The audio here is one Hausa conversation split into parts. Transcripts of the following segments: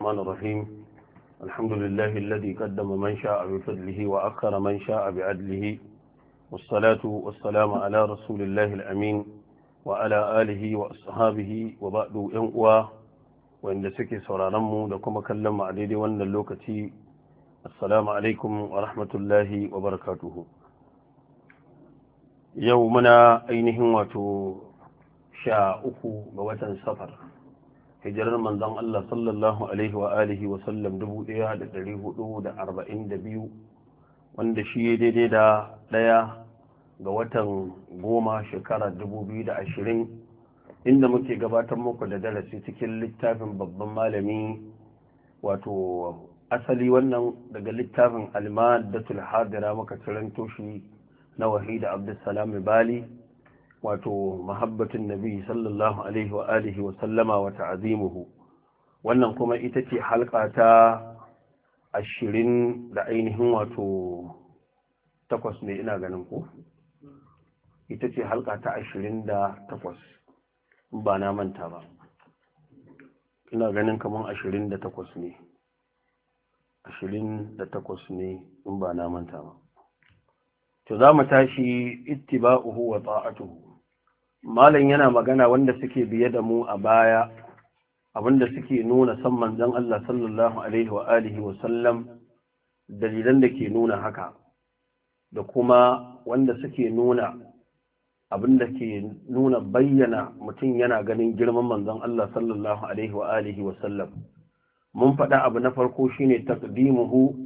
الرحمن الرحيم الحمد لله الذي قدم من شاء بفضله وأخر من شاء بعدله والصلاة والسلام على رسول الله الأمين وعلى آله وأصحابه وبعد ينقوى وإن سكي سرارمو لكم كلم عديد وأن اللوكتي السلام عليكم ورحمة الله وبركاته يومنا أينهم وتو شاء أخو بوتن سفر hijirar manzon Allah sallallahu alaihi wa alihi wa sallam biyu, wanda shi ya daidai da ɗaya ga watan goma shekara 2020 inda muke gabatar muku da darasi cikin littafin babban malami wato asali wannan daga littafin almadatul hadira muka ciranto shi na wahida abdulsalam bali wato mahabbatin nabi sallallahu alaihi wa alihi wa sallama wa ta'azimuhu wannan kuma ita ce halka ta ashirin da ainihin wato takwas ne ina ganin ku ita ce halka ta ashirin da takwas ba na manta ba ina ganin kamar ashirin da takwas ne ashirin da takwas ne in ba na manta ba to za mu tashi ittiba'uhu wa ta'atuhu malam yana magana wanda suke biye da mu a baya abinda suke nuna san manzon Allah sallallahu alaihi wa alihi wa sallam dalilan da ke nuna haka da kuma wanda suke nuna abinda ke nuna bayyana mutum yana ganin girman manzon Allah sallallahu alaihi wa alihi wa sallam mun faɗa abu na farko shine taqdimuhu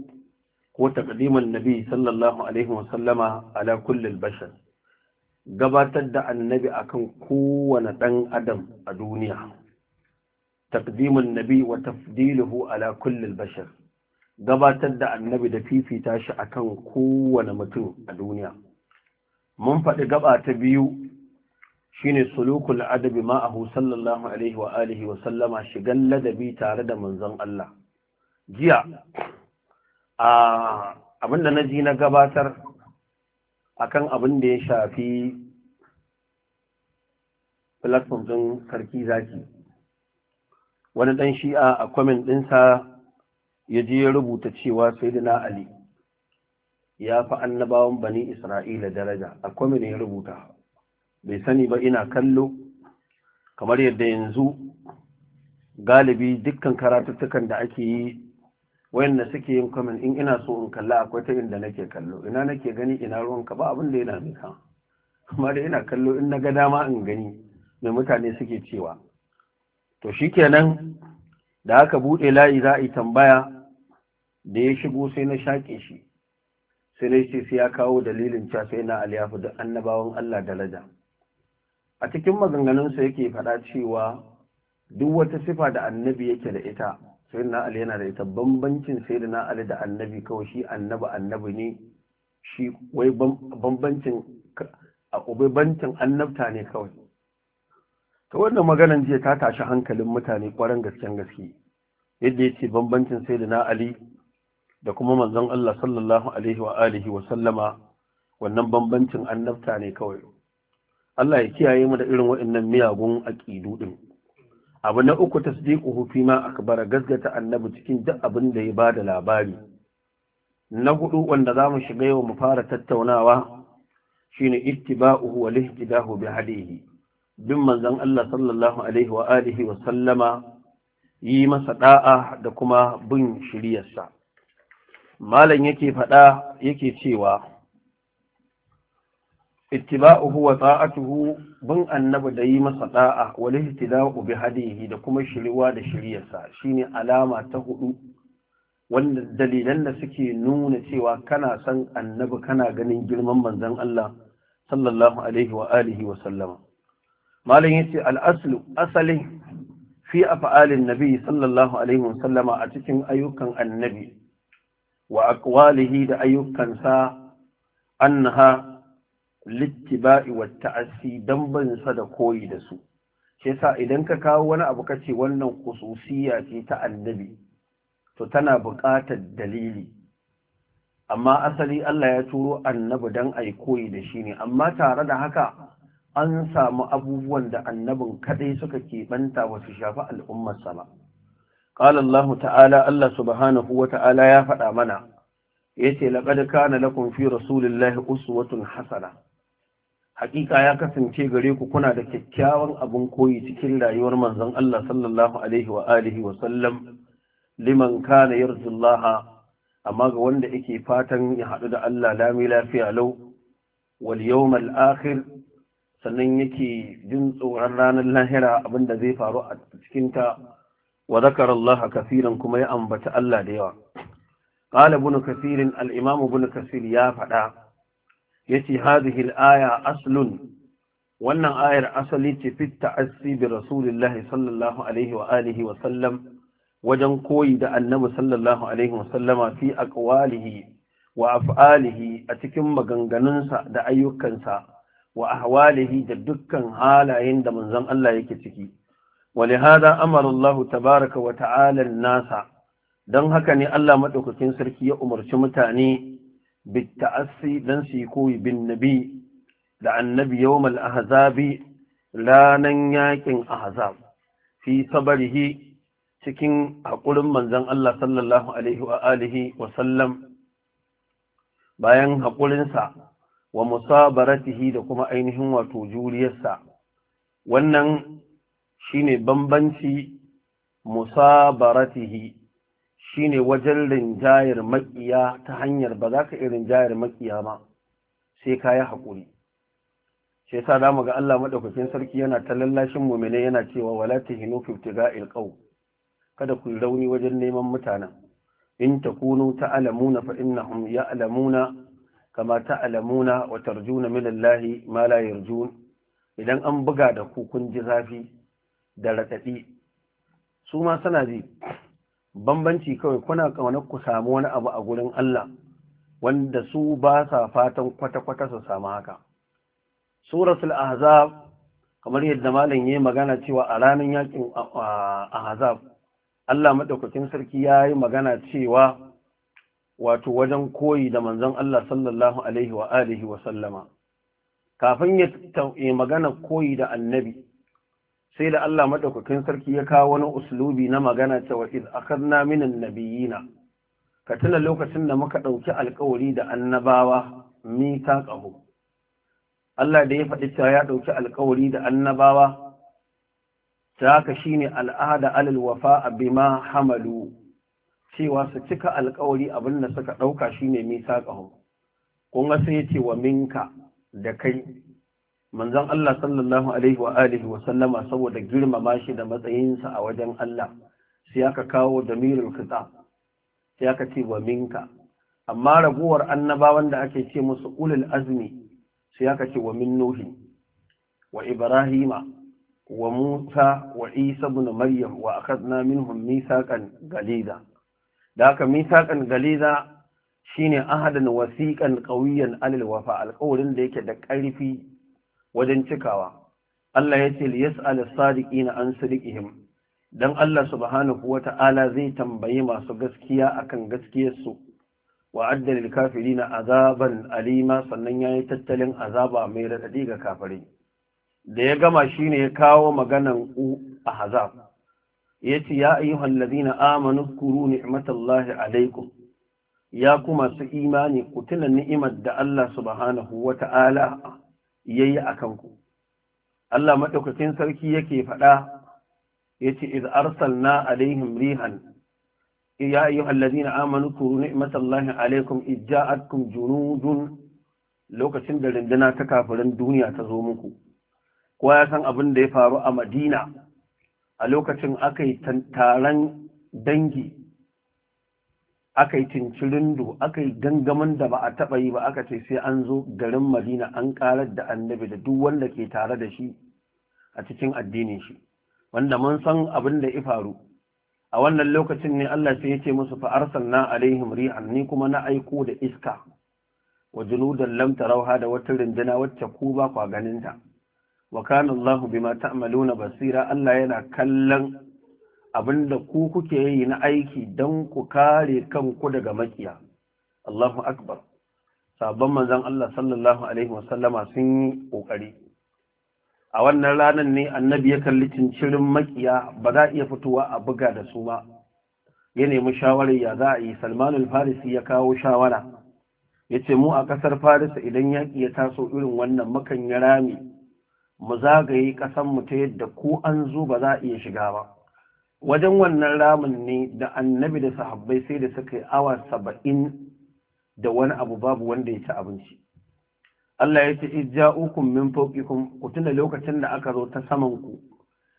ko taqdimun nabi sallallahu alaihi wa sallama ala kulli bashar gabatar da annabi akan kowane ɗan adam a duniya taqdimun nabi wa tafdiluhu ala kullil bashar gabatar da annabi da fifita shi akan kowane mutum a duniya mun faɗi gaba ta biyu shine sulukul adabi ma'ahu sallallahu alaihi wa alihi wa sallama shigan ladabi tare da manzon Allah jiya a abinda na ji na gabatar akan abin da ya shafi platform din sarki zaki wani dan shi'a a comment dinsa ya je ya rubuta cewa sayyidina ali ya fi annabawan bani isra'ila daraja a comment ya rubuta bai sani ba ina kallo kamar yadda yanzu galibi dukkan karatuttukan da ake yi wayanda suke yin kwamin in ina so in kalla akwai ta inda nake kallo ina nake gani ina ruwanka ba abin da yana mika amma da ina kallo in na ga dama in gani mai mutane suke cewa to shi shikenan da aka bude layi za a yi tambaya da ya shigo sai na shaƙe shi sai na ce sai ya kawo dalilin cewa sai na aliyafu da annabawan Allah daraja a cikin maganganunsa yake faɗa cewa duk wata sifa da annabi yake da ita sayyidina ali yana da ita bambancin sayyidina ali da annabi kawai shi annabi annabi ne shi wai bambancin a bancin annabta ne kawai ta wannan maganan jiya ta tashi hankalin mutane kwarin gasken gaske yadda ya ce bambancin sayyidina ali da kuma manzon Allah sallallahu alaihi wa alihi wa sallama wannan bambancin annabta ne kawai Allah ya kiyaye mu da irin waɗannan miyagun aqidu din abu na uku tasdiquhu hufi ma akbara gasgata annabi cikin duk abin da ya bada labari na hudu wanda zamu shiga yau mu fara tattaunawa shine ittiba'uhu wa lihtidahu bi hadihi bin manzon Allah sallallahu alaihi wa alihi wa sallama yi masa da'a da kuma bin shiriyarsa malam yake fada yake cewa ittiba'uhu wa ta'atuhu bin annabi da yi masa da'a wal ihtida'u bi hadihi da kuma shiriwa da shiryarsa shine alama ta hudu wanda dalilan da suke nuna cewa kana san annabi kana ganin girman manzon Allah sallallahu alaihi wa alihi wa sallama malam yace al-aslu asali fi af'alin nabi sallallahu alaihi wa sallama a cikin ayyukan annabi wa aqwalihi da ayyukansa annaha littiba'i wa ta'assi dan ban sa da koyi da su shi yasa idan ka kawo wani abu kace wannan khususiyya ce ta annabi to tana buƙatar dalili amma asali Allah ya turo annabi dan ai koyi da shi ne amma tare da haka an samu abubuwan da annabin kadai suka banta wa su shafi al'ummarsa ba قال الله تعالى الله سبحانه وتعالى يا فدا منا yace laqad kana lakum fi rasulillahi uswatun hasana hakika ya kasance gare ku kuna da kyakkyawan abin koyi cikin rayuwar manzon Allah sallallahu alaihi wa alihi wa sallam liman kana yarjullaha amma ga wanda yake fatan ya haɗu da Allah lami lafiya lau wal yawmal akhir sannan yake jin tsoron ranar lahira abinda zai faru a cikin ta wa zakara Allah kafiran kuma ya ambata Allah da yawa qala ibn kathir al imam ibn kasir ya faɗa yace hadhihi al-aya aslun wannan ayar asali ce fi ta'assi bi sallallahu alaihi wa alihi wa sallam wajen koyi da annabi sallallahu alaihi wa sallama fi aqwalihi wa af'alihi a cikin maganganunsa da ayyukansa wa ahwalihi da dukkan halayen da manzon Allah yake ciki ولهذا أمر الله تبارك وتعالى nasa? don haka ne Allah maɗaukakin sarki ya umarci mutane بالتأسي لنسي كوي بالنبي لأن النبي يوم الأحزاب لا ننياكن أحزاب في صبره cikin haƙurin manzan Allah sallallahu bayan haƙurinsa wa musabaratihi da kuma ainihin wato juriyarsa wannan shine bambanci musabaratihi shine wajen rinjayar makiya ta hanyar ba za ka iya rinjayar makiya ba sai ka yi haƙuri shi sa za mu ga Allah maɗaukakin sarki yana ta lallashin mumine yana cewa wala ta hinu fi ga qaw kada ku rauni wajen neman mutanen in ta alamuna fa innahum ya'lamuna kama alamuna wa tarjuna min Allah ma la yarjun idan an buga da ku kun ji zafi da raɗaɗi su ma suna ji bambanci kawai kuna kaunar ku samu wani abu a gurin Allah wanda su ba sa fatan kwata-kwata su samu haka suratul ahzab kamar yadda malam yi magana cewa a ranar yakin ahzab Allah madaukakin sarki yayi magana cewa wato wajen koyi da manzon Allah sallallahu alaihi wa alihi wa sallama kafin ya magana koyi da annabi sai da Allah madaukakin sarki ya kawo wani uslubi na magana cewa iz akhadna minan nabiyina ka tuna lokacin da muka dauki alƙawari da annabawa mitaqahu Allah da ya faɗi cewa ya ɗauki alƙawari da annabawa ta haka shine al'ada alal wafa bima hamalu cewa su cika alƙawari abin da suka ɗauka shine mitaqahu kun ga sai ya ce wa minka da kai manzon Allah sallallahu alaihi wa alihi wa sallama saboda girmama shi da matsayinsa a wajen Allah sai aka kawo damirul khita sai aka ce wa minka amma raguwar annabawan da ake ce musu ulul azmi sai aka ce wa min nuhi wa ibrahima wa musa wa isa ibn maryam wa akhadna minhum mithaqan Galiza da haka mithaqan Galiza shine ahadan wasiqan qawiyan alil wafa alqawlin da yake da ƙarfi wajen cikawa Allah ya ce liyas'al as na an sadiqihim dan Allah subhanahu wata'ala zai tambayi masu gaskiya akan gaskiyarsu wa adda lil kafirina azaban alima sannan yayi tattalin azaba mai radadi ga kafirai da ya gama shine ya kawo maganan u ahzab yace ya ayyuhal ladina amanu kuru ni'matallahi alaikum ya kuma su imani ku tuna ni'imar da Allah subhanahu wata'ala yayi a kanku. Allah madaukakin sarki yake faɗa yace iz arsalna alaihim rihan ya ayyuhallazina amanu kuru ni'matallahi alaikum ija atkum junudun lokacin da rindina ta kafirin duniya ta zo muku kowa ya san abin da ya faru a Madina a lokacin aka yi taron dangi aka yi tincirindo aka yi gangamin da ba a taɓa yi ba aka ce sai an zo garin madina an ƙarar da annabi da duk wanda ke tare da shi a cikin addinin shi wanda mun san abin da ya faru a wannan lokacin ne Allah sai ya ce musu fa arsalna alaihim ri'an ni kuma na aiko da iska wa junudan lam tarawha da wata rinjina wacce ku ba kwa ganin ta wa kana Allah bima ta'maluna basira Allah yana kallon abin da ku kuke yi na aiki don ku kare kanku daga makiya Allahu akbar sabon manzon Allah sallallahu alaihi wasallama sun yi ƙoƙari. a wannan ranar ne annabi ya kalli cincirin makiya ba za iya fitowa a buga da su ba ya nemi shawarar ya za a yi salmanul farisi ya kawo shawara ya ce mu a ƙasar farisa idan yaƙi ya taso irin wannan makan ya rami mu zagaye ƙasanmu ta yadda ko an zo ba za a iya shiga ba wajen wannan ramin ne da annabi da sahabbai sai da suka yi awa saba'in da wani abu babu wanda ya ci abinci Allah ya ce ijja'ukum min fawqikum ku tuna lokacin da aka zo ta saman ku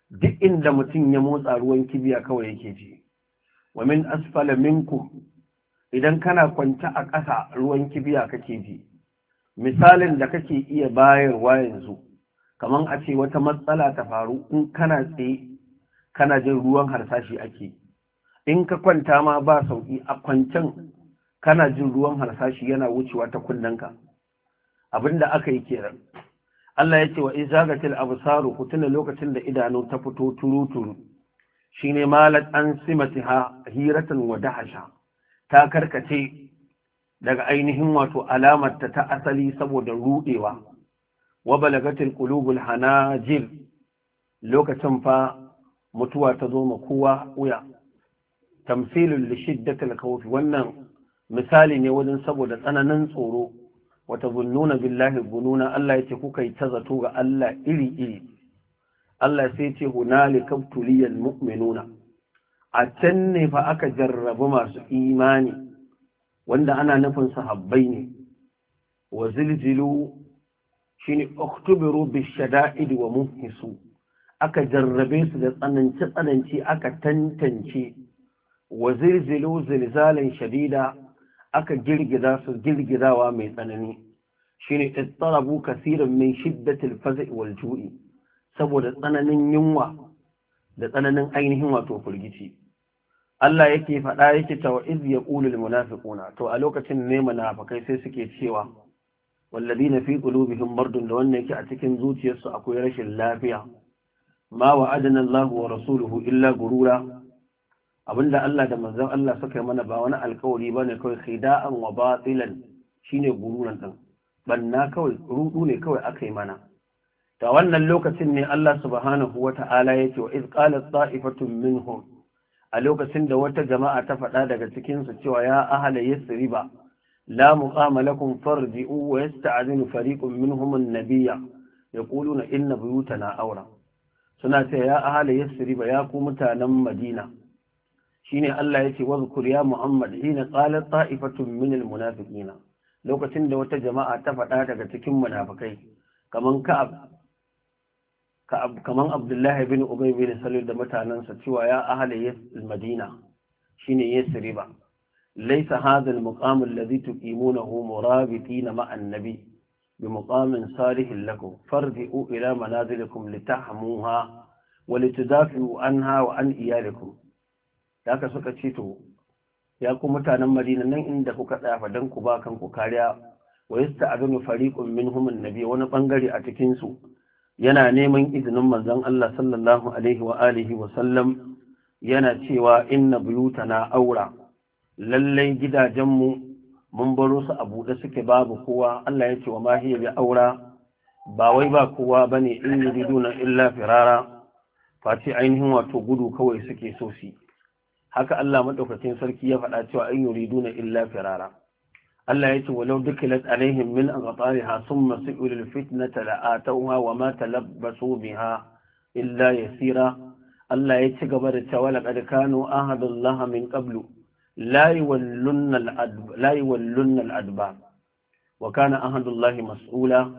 duk inda mutum ya motsa ruwan kibiya kawai yake ji wa min asfala minku idan kana kwanta a ƙasa ruwan kibiya kake ji misalin da kake iya bayarwa yanzu kamar a ce wata matsala ta faru in kana tsaye kana jin ruwan harsashi ake in ka kwanta ma ba sauki a kwancan kana jin ruwan harsashi yana wucewa ta kunnanka abinda aka yi kenan Allah ya ce wa zagatil absaru kutuna lokacin da idanu ta fito turuturu shine malat an simatiha hiratan wa dahasha ta karkace daga ainihin wato alamar ta asali saboda rudewa wa balagatil qulubul hanajir lokacin fa mutuwa ta zo ma kowa wuya tamsilun li shiddatil wannan misali ne wajen saboda tsananin tsoro wata zunnuna billahi gununa Allah yace kuka yi ta zato ga Allah iri iri Allah sai ce hunalika tuliyal mu'minuna a can ne fa aka jarrabu masu imani wanda ana nufin sahabbai ne wa zilzilu shine uktubiru bishada'id wa muhisu aka jarrabe su da tsananci-tsananci aka tantance wa zilzilu shadida aka girgiza su girgizawa mai tsanani shine ittarabu kaseeran min shiddatil faz'i wal ju'i saboda tsananin yunwa da tsananin ainihin wato furgici Allah yake faɗa yake cewa iz yaqulu lil munafiquna to a lokacin ne munafikai sai suke cewa walladina fi qulubihim mardun da wannan yake a cikin zuciyarsu akwai rashin lafiya ma wa'adana Allah wa rasuluhu illa gurura abinda Allah da manzon Allah suka mana ba wani alkawari ne kawai khida'an wa batilan shine gururan din banna kawai rudu ne kawai aka yi mana ta wannan lokacin ne Allah subhanahu ya ce wa iz qalat ta'ifatun minhum a lokacin da wata jama'a ta faɗa daga cikin su cewa ya ahala yasriba la muqama lakum farji'u wa yasta'zinu fariqun minhum an-nabiyya yaquluna inna buyutana awra suna ce ya ahala yasriba ya ku mutanen madina shine Allah yace wazkur ya muhammad hina tsalar ta'ifatun min almunafiqina lokacin da wata jama'a ta faɗa daga cikin munafikai kamar ka'ab abdullahi bin ubay bin salul da mutanansa cewa ya ahala madina shine yasriba Laisa hadha almuqam alladhi tuqimunahu murabitina ma'an nabiy بمقام صالح لكم فارجعوا إلى منازلكم لتحموها ولتدافعوا عنها وعن إيالكم ذاك سكتشيتو ya ku mutanen madina nan inda kuka tsaya fa dan ku ba kanku kariya wa yasta'dinu fariqun minhum annabi wani bangare a cikin su yana neman izinin manzon Allah sallallahu alaihi wa alihi wa sallam yana cewa inna buyutana aura lallai gidajenmu mun baro su a buɗe suke babu kowa Allah ya ce wa mahiyar ya aura ba wai ba kowa ba ne in yi illa firara face ainihin wato gudu kawai suke so su haka Allah maɗaukacin sarki ya faɗa cewa in yi illa firara Allah ya ce walau dukilat alaihim min an sun masu su'ilul fitnata la'atuha wa ma talabbasu biha illa yasira Allah ya ci gaba da cewa laqad kanu ahadallaha min qablu la yuwallunna al'adba wa kana ahadullahi mas'ula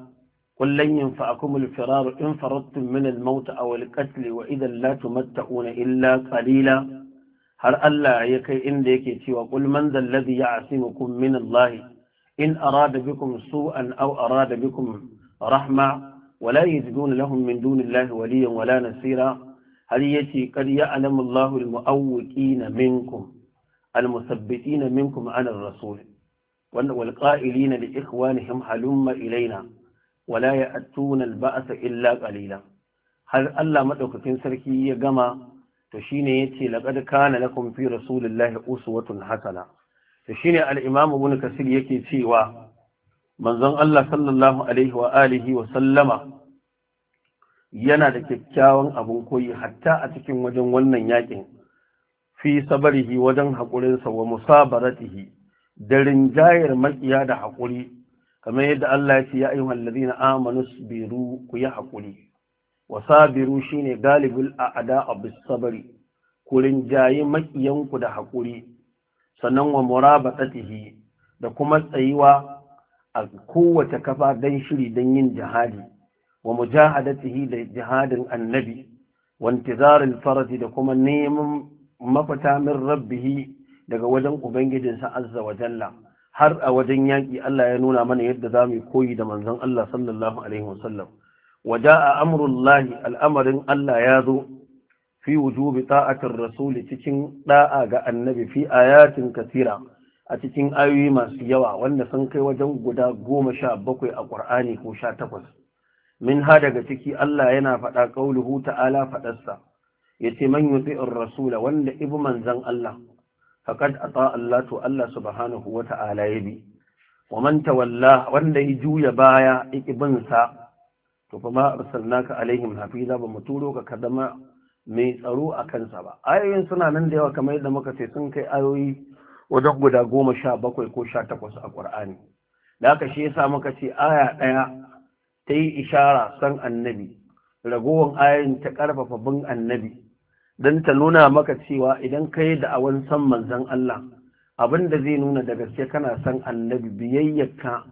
kullun yanfa'akum al-firar in faradtum min al a aw al wa idan la tumatta'una illa qalila har Allah ya kai inda yake cewa qul man ya ladhi ya'simukum min Allah in arada bikum su'an aw arada bikum rahma wala يجدون لهم min dunillahi waliyan wala nasira har yace يتي قد يعلم الله المؤوقين المثبتين منكم عن الرسول والقائلين لإخوانهم هلم إلينا ولا يأتون البأس إلا قليلا هل الله مدوكتين سركي يقما تشيني يتي لقد كان لكم في رسول الله أسوة حسنة تشيني الإمام ابن كثير يكي تيوا منزن الله صلى الله عليه وآله وسلم yana da kyakkyawan abun koyi hatta a cikin wajen wannan yakin fi sabarihi wajen haƙurinsa wa musabaratihi da rinjayar makiya da haƙuri kamar yadda Allah ya ce ya ayyuhal ladina amanu biru ku yi haƙuri wa sabiru shine galibul a'da bis sabri ku rinjayi makiyanku da haƙuri sannan wa murabatatihi da kuma tsayuwa a kowace kafa dan shiri dan yin jihadi wa mujahadatihi da jihadin annabi wa intizaril farji da kuma neman mafita min rabbihi daga wajen ubangijinsa azza wa jalla har a wajen yaƙi Allah ya nuna mana yadda za mu koyi da manzon Allah sallallahu alaihi wasallam waja'a amrullahi al'amarin Allah ya zo fi wujubi ta'atir rasuli cikin da'a ga annabi fi ayatin kasira a cikin ayoyi masu yawa wanda sun kai wajen guda goma sha bakwai a ƙur'ani ko sha takwas min ha daga ciki Allah yana faɗa ƙauluhu ta'ala faɗarsa yace man yuti'ur rasula wanda ibu manzan Allah faqad ata Allah to Allah subhanahu wata'ala yabi wa man tawalla wanda ya juya baya ikibin sa to fa ma arsalnaka alaihim hafiza ba turo ka kadama mai tsaro a kansa ba ayoyin suna nan da yawa kamar yadda muka ce sun kai ayoyi wajen guda goma sha bakwai ko sha takwas a Ƙur'ani. da aka shi yasa muka ce aya ɗaya ta yi ishara san annabi ragowar ayoyin ta ƙarfafa bin annabi don ta nuna maka cewa idan ka yi da'awan san manzan Allah abin da zai nuna da gaske kana san annabi biyayyarka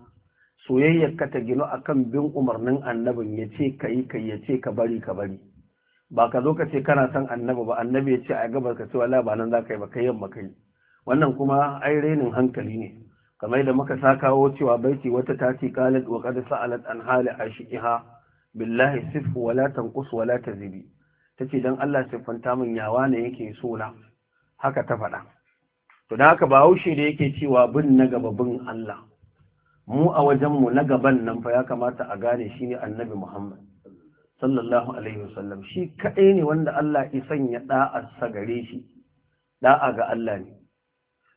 soyayyarka ta gino akan bin umarnin annabin ya ce ka yi ka ya ce ka bari ka bari ba ka zo ka ce kana san annabi ba annabi ya ce a gaba ka ce wala ba nan za ka yi ba kai yamma kai wannan kuma ai renin hankali ne kamar da muka sa kawo cewa baiti wata tati ce qalat wa qad sa'alat an hali ashiha billahi sif wala tanqus wala tazibi ta ce don Allah siffanta min yawa ne yake suna haka ta faɗa to da haka ba haushe da yake cewa bin na gaba bin Allah mu a wajenmu na gaban nan fa ya kamata a gane shi ne annabi Muhammad sallallahu alaihi wasallam shi kaɗai ne wanda Allah ya sanya ɗa'arsa gare shi ɗa'a ga Allah ne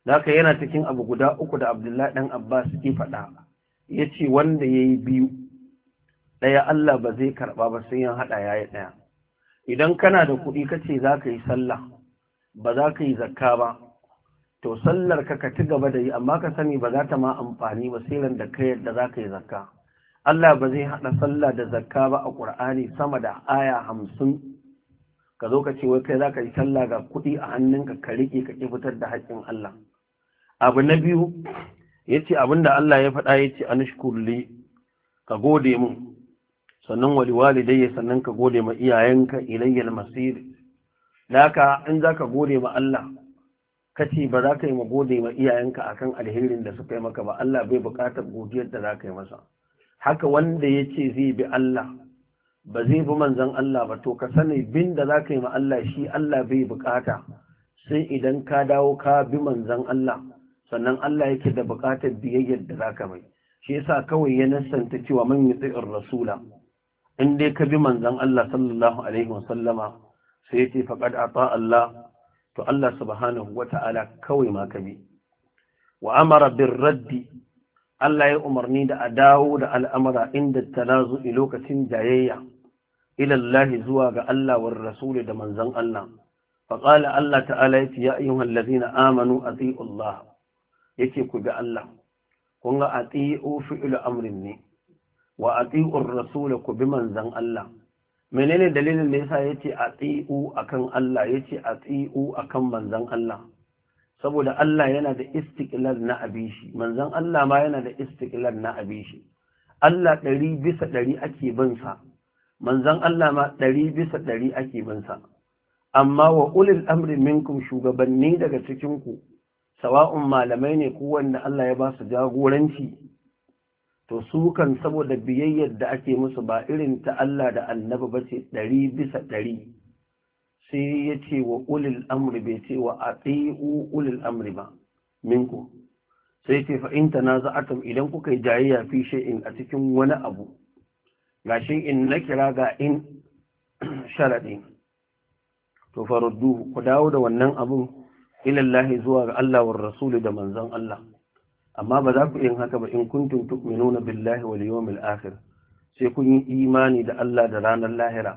da haka yana cikin abu guda uku da Abdullahi ɗan Abbas ke faɗa ya ce wanda ya yi biyu ɗaya Allah ba zai karɓa ba sai ya haɗa ya yi ɗaya idan kana da kuɗi kace za ka yi sallah ba za ka yi zakka ba to sallar ka ka ci gaba da yi amma ka sani ba za ta ma amfani ba sai ran da ka yadda za ka yi zakka Allah ba zai haɗa sallah da zakka ba a Ƙur'ani sama da aya hamsin ka zo ka ce wai kai za ka yi sallah ga kuɗi a hannunka ka riƙe ka ƙi fitar da haƙƙin Allah abu na biyu ya ce abinda Allah ya faɗa ya ce an ka gode mun sannan wali walidayya sannan ka gode ma iyayenka ilayyal masir naka in zaka gode ma Allah kace ba za ka yi ma gode ma iyayenka akan alherin da suka yi maka ba Allah bai buƙatar godiyar da za ka yi masa haka wanda ya ce zai bi Allah ba zai bi manzan Allah ba to ka sani bin da za ka yi ma Allah shi Allah bai buƙata sai idan ka dawo ka bi manzan Allah sannan Allah yake da buƙatar biyayyar da za ka mai shi yasa kawai ya nasanta cewa man yuti'ir rasula in dai ka bi manzon Allah sallallahu alaihi wasallama sai yace a ata Allah to Allah subhanahu wata'ala kawai ma ka bi wa amara bir raddi Allah ya umarni da a dawo da al'amara inda talazu'i lokacin jayayya ilallahi zuwa ga Allah wa rasuli da manzon Allah faƙala Allah ta'ala yace ya ayyuhal na amanu atiiu Allah yake ku ga Allah kun ga atiiu fi'lu amrin ne wa ati'ur rasulaku ku bi manzan Allah menene dalilin da yasa yace ati'u akan Allah yace ati'u akan manzan Allah saboda Allah yana da istiqlal na abishi manzan Allah ma yana da istiqlal na abishi Allah ɗari bisa ɗari ake bin sa manzan Allah ma ɗari bisa ɗari ake bin sa amma wa ulil amri minkum shugabanni daga cikin ku sawa'un malamai ne ko wanda Allah ya ba su jagoranci to su kan saboda biyayyar da ake musu ba irin ta Allah da annabi ba ce ɗari bisa ɗari sai ya ce wa ulil amri bai ce wa a ulil amri ba minku sai ce fa'in ta na za'atam idan kuka yi jayayya fi in a cikin wani abu gashin in na kira ga in sharaɗi to faruddu ku dawo da wannan abun ilallahi zuwa ga Allah wa rasulu da manzon Allah amma ba za ku yin haka ba in kuntum tu'minuna billahi wal yawmil akhir sai kun yi imani da Allah da ranar lahira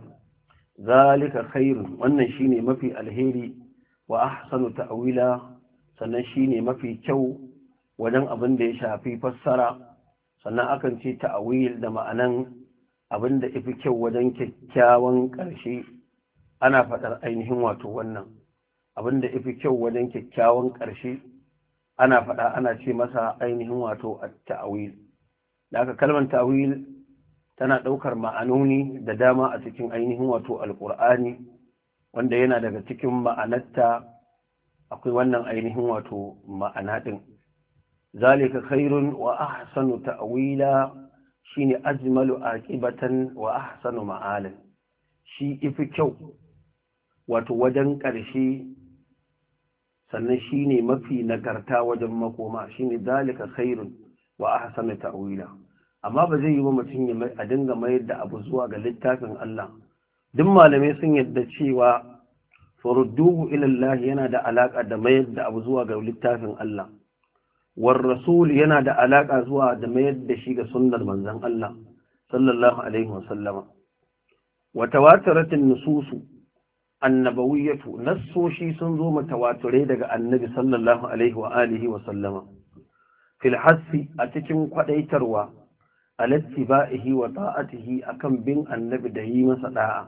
zalika khairun wannan shine mafi alheri wa ahsanu ta'wila sannan shine mafi kyau wajen abin da ya shafi fassara sannan akan ce ta'wil da ma'anan abin da ifi kyau wajen kyakkyawan ƙarshe ana faɗar ainihin wato wannan abin da ifi kyau wajen kyakkyawan ƙarshe ana faɗa ana ce masa ainihin wato at-ta'wil da aka kalmar ta'wil tana ɗaukar ma'anoni da dama a cikin ainihin wato alƙur'ani wanda yana daga cikin ma'anarta akwai wannan ainihin wato ma'ana ɗin zalika khairun wa ahsanu ta'wila shine ajmalu aqibatan wa ahsanu ma'alin shi ifi kyau wato wajen ƙarshe sannan shine mafi nagarta wajen makoma shine zalika khairun wa ahsanu ta'wila amma ba zai yi ba mutum a dinga mayar da abu zuwa ga littafin Allah duk malamai sun yadda cewa farudduhu ila Allah yana da alaka da mayar da abu zuwa ga littafin Allah war rasul yana da alaka zuwa da mayar da shi ga sunnar manzon Allah sallallahu alaihi Wata wa tawatarat nususu annabawiyatu nassoshi sun zo mutawatirai daga annabi sallallahu alaihi wa alihi wa sallama fil hassi a cikin kwadaitarwa alattiba'ihi wa ta'atihi akan bin annabi da yi masa da'a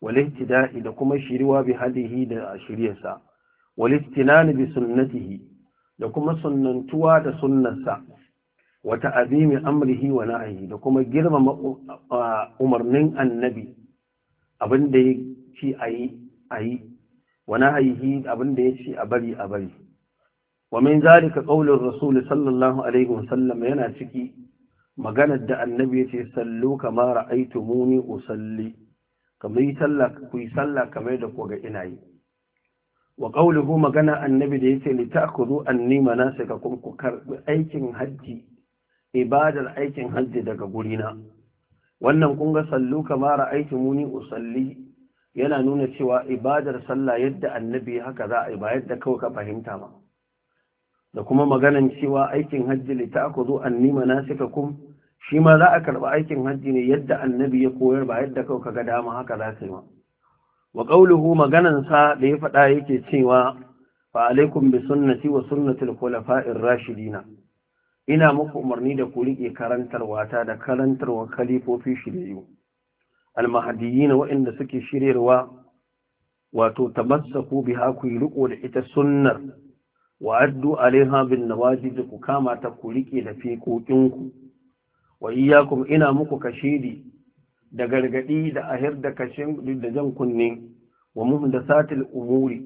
wal ihtida'i da kuma shiriwa bi hadihi da shiryarsa wal istinani bi sunnatihi da kuma sunnantuwa da sunnarsa wa ta'zimi amrihi wa nahyihi da kuma girmama uh, umarnin annabi abin da ya Ci a yi a yi wani haihi abinda ya ci a bari a bari wamin zalika ƙaunar rasul sallallahu alaihi wasallam yana ciki maganar da annabi ya ce sallu kamar ra'aitu muni usalli kamar yi sallah ku yi sallah kamar da ku ga ina yi wa ƙaunuhu magana annabi da yace li ta'khudhu anni kun ku karbi aikin haji ibadar aikin haji daga gurina wannan kun ga sallu kamar ra'aitu muni usalli yana nuna cewa ibadar sallah yadda annabi haka za a yi ba yadda kawai ka fahimta ba da kuma maganan cewa aikin hajji li ta'khudhu anni manasikakum shi ma za a karɓi aikin hajji ne yadda annabi ya koyar ba yadda kawai ka ga dama haka za ka yi ma wa qawluhu maganan sa da ya faɗa yake cewa fa alaikum bi sunnati wa sunnati al-khulafa'ir rashidina ina muku umarni da ku rike karantarwa ta da karantarwa khalifofi shiriyu almahadiyina waɗanda suke shiryarwa wato tamassaku biha ku riko da ita sunnar wa addu alaiha bin nawajid ku kama ta ku rike da ku wa iyyakum ina muku kashidi da gargadi da ahir da kashin da jan kunne wa muhdathatil umuri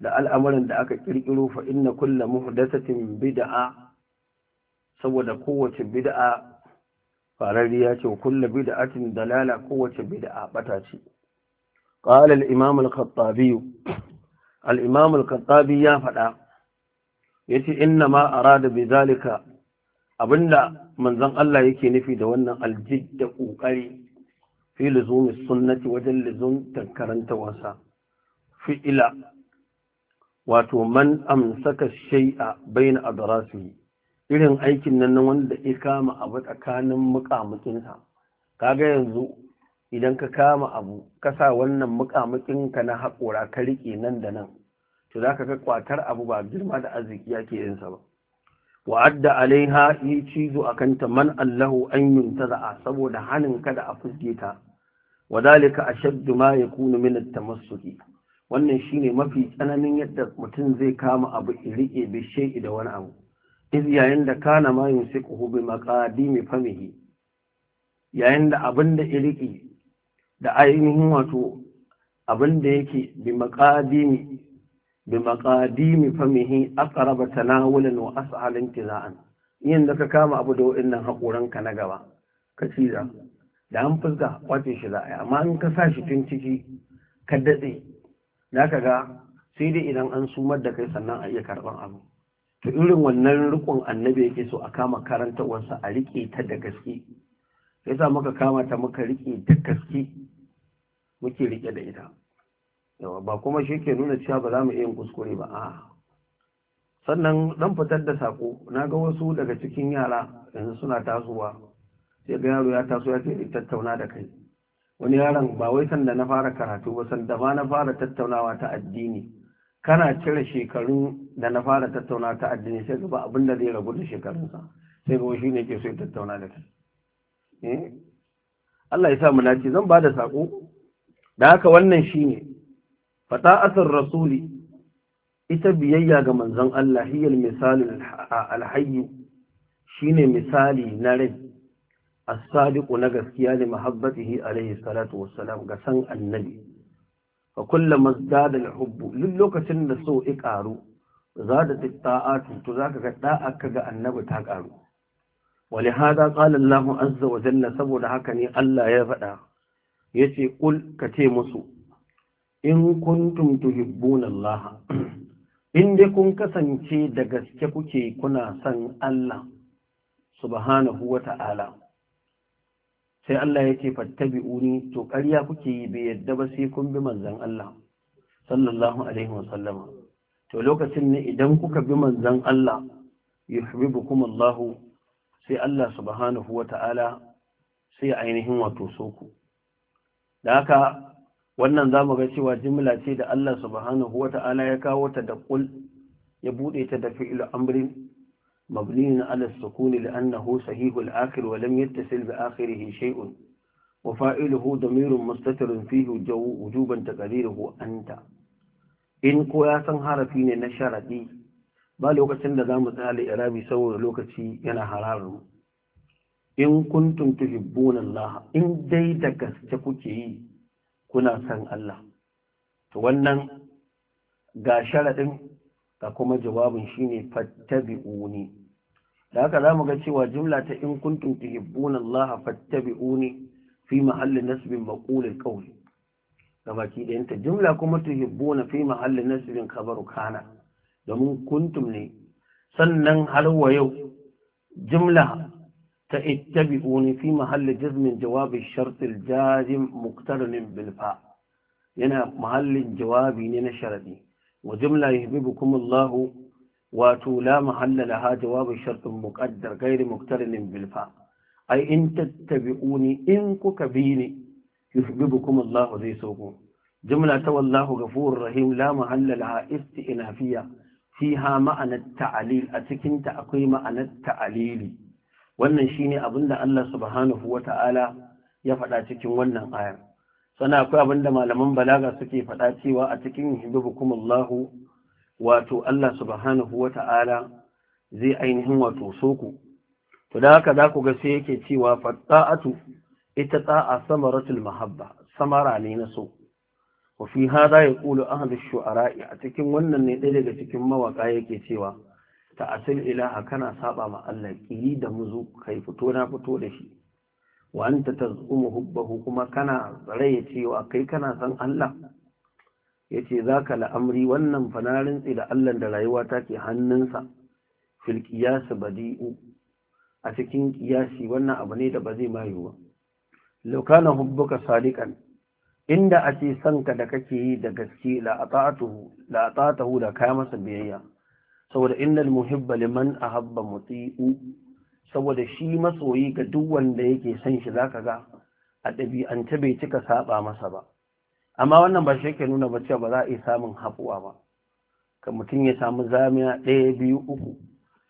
da al'amarin da aka kirkiro fa inna kullu muhdathatin bid'a saboda kowace bid'a farari ya ce kullu bid'atin dalala kowace bid'a bata ce qala al-imam al-khattabi al-imam al-khattabi ya fada yace inna ma arada bizalika abinda manzon Allah yake nufi da wannan aljid da kokari fi luzumi sunnati wajen luzum karanta wasa fi'ila wato man amsaka shay'a bayna adrasihi irin aikin nan na wanda ya kama abu tsakanin mukamukinsa kaga yanzu idan ka kama abu ka sa wannan mukamukinka na haƙora ka riƙe nan da nan to za ka ga kwatar abu ba girma da arziki yake yinsa ba wa'adda alaiha yi cizo a kanta man allahu an A saboda hannun kada a fuske ta wadalika shaddu ma kuna min masu tamassuki wannan shine mafi tsananin yadda mutum zai kama abu riƙe bishe da wani abu iz yayin da kana ma yumsiku bi maqadimi famihi yayin da abin da iriki da ainihin wato abin yake bi maqadimi bi maqadimi famihi aqrab tanawulan wa as'al intiza'an yayin da ka kama abu da wa'annan ka na gaba ka ciza da an fuska kwace shi za a yi amma in ka sa shi tun ciki ka datse za ka ga sai dai idan an sumar da kai sannan a iya karɓar abu to irin wannan rikon annabi yake so a kama karantarwarsa a rike ta da gaske ya sa muka kama ta muka rike ta gaske muke rike da ita yawa ba kuma shi ke nuna cewa ba za mu yin kuskure ba a sannan dan fitar da sako na ga wasu daga cikin yara yanzu suna tasowa sai ga yaro ya taso ya ce tattauna da kai wani yaron ba wai sanda na fara karatu ba sanda ba na fara tattaunawa ta addini kana cire shekarun da na fara tattauna ta addini sai gaba abin da zai rabu da shekarunsa sai gaba shi ne ke so ya tattauna da kai eh? Allah ya sa mu nace zan ba da sako da haka wannan shi ne. Fata asar rasuli ita biyayya ga manzon Allah hiyal misalul shi shine misali na rai as na gaskiya li mahabbatihi alayhi salatu wassalam ga san annabi fa kullama zada alhubbu lokacin da so ya ƙaru za da duk za ka ga da'a ka ga annabi ta ƙaru Wani haɗa qala Allahu azza wa saboda haka ne Allah ya faɗa yace kul ka ce musu in kuntum tuhibbuna Allah in dai kun kasance da gaske kuke kuna son Allah subhanahu wa ta'ala sai Allah yake fattabi'uni to ƙarya kuke yi bai yadda ba sai kun bi manzon Allah sallallahu alaihi wa sallama to lokacin ne idan kuka bi manzan Allah yuhibbukum Allahu, sai Allah subhanahu Ta'ala sai ainihin wato soku da haka wannan zamu ga cewa jimla ce da Allah subhanahu Ta'ala ya kawo ta da kul ya buɗe ta da fi'il amrin mabniin ala sukun li'annahu sahihul akhir wa lam yattasil bi akhirih shay'un وفائله ضمير مستتر فيه وجوبا تقديره أنت in ko ya san harafi ne na sharaɗi ba lokacin da za mu tsaya irabi saboda lokaci yana hararu mu in kuntum tuhibbuna Allah in dai da gaske kuke yi kuna san Allah to wannan ga sharaɗin ga kuma jawabin shine fattabi'uni da haka mu ga cewa jimla ta in kuntum tuhibbuna Allah fattabi'uni fi mahallin nasibin maqulil ƙauye. gabaki da yanta jumla kuma ta na fi mahalli nasibin kabaru kana domin kuntum ne sannan har wa yau jumla ta ittabi'uni fi mahalli jazmin jawabi shartil jazim muqtarinin bil fa yana mahallin jawabi ne na sharadi wa jumla yuhibbukum Allah wa tu la mahalla laha jawabi shartin muqaddar ghairi muqtarinin bil fa ai in tattabi'uni in kuka bi ni yuhibbukum Allah zai sauko jumla ta wallahu ghafurur rahim la mahalla laha istinafiya fiha ma'anar ta'alil a cikin ta akwai ma'anar ta'alili wannan shine abinda Allah subhanahu wata'ala ya faɗa cikin wannan aya sana akwai abinda malaman balaga suke faɗa cewa a cikin yuhibbukum Allah wato Allah subhanahu wata'ala zai ainihin wato ku. to da haka za ku ga sai yake cewa fatta'atu ita ta'a samaratul mahabba samara ne na so wafi hada ya kulu ahadu shu'ara'i a cikin wannan ne ɗaya daga cikin mawaƙa yake cewa ta asil ilaha kana saba ma Allah kiri da muzu kai fito na fito da shi wa anta tazumu hubbahu kuma kana tsare ya cewa kai kana san Allah yace zaka la'amri wannan fanarin da Allah da rayuwa ta ke hannunsa fil qiyas badi'u a cikin qiyasi wannan abu ne da ba zai mayu ba lokana hubbuka sadiqan inda ake san ka da kake yi da gaske la ata'atuhu da kai masa biyayya saboda innal muhibba liman ahabba muti'u saboda shi masoyi ga duk wanda yake son shi zaka ga a ɗabi'anta bai cika saba masa ba amma wannan ba shi yake nuna ba cewa ba za a iya samun hafuwa ba Ka mutum ya samu zamiya ɗaya biyu uku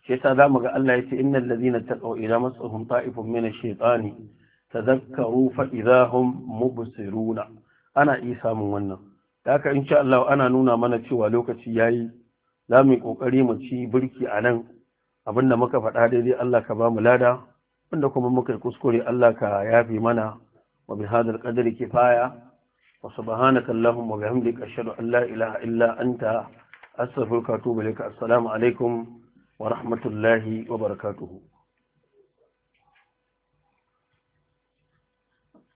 shi yasa zamu ga Allah ya ce innal ladina taqaw ila masahum ta'ifun min ash-shaytani tadhakkaru fa idahum mubsiruna ana iya samun wannan haka insha Allah ana nuna mana cewa lokaci yayi za mu kokari mu ci burki a nan abinda muka faɗa daidai Allah ka ba mu lada wanda kuma muka yi kuskure Allah ka yafi mana wa bi hadal qadri kifaya wa subhanaka allahumma wa bihamdika ashhadu an la ilaha illa anta astaghfiruka wa atubu ilaik assalamu alaikum wa rahmatullahi wa barakatuhu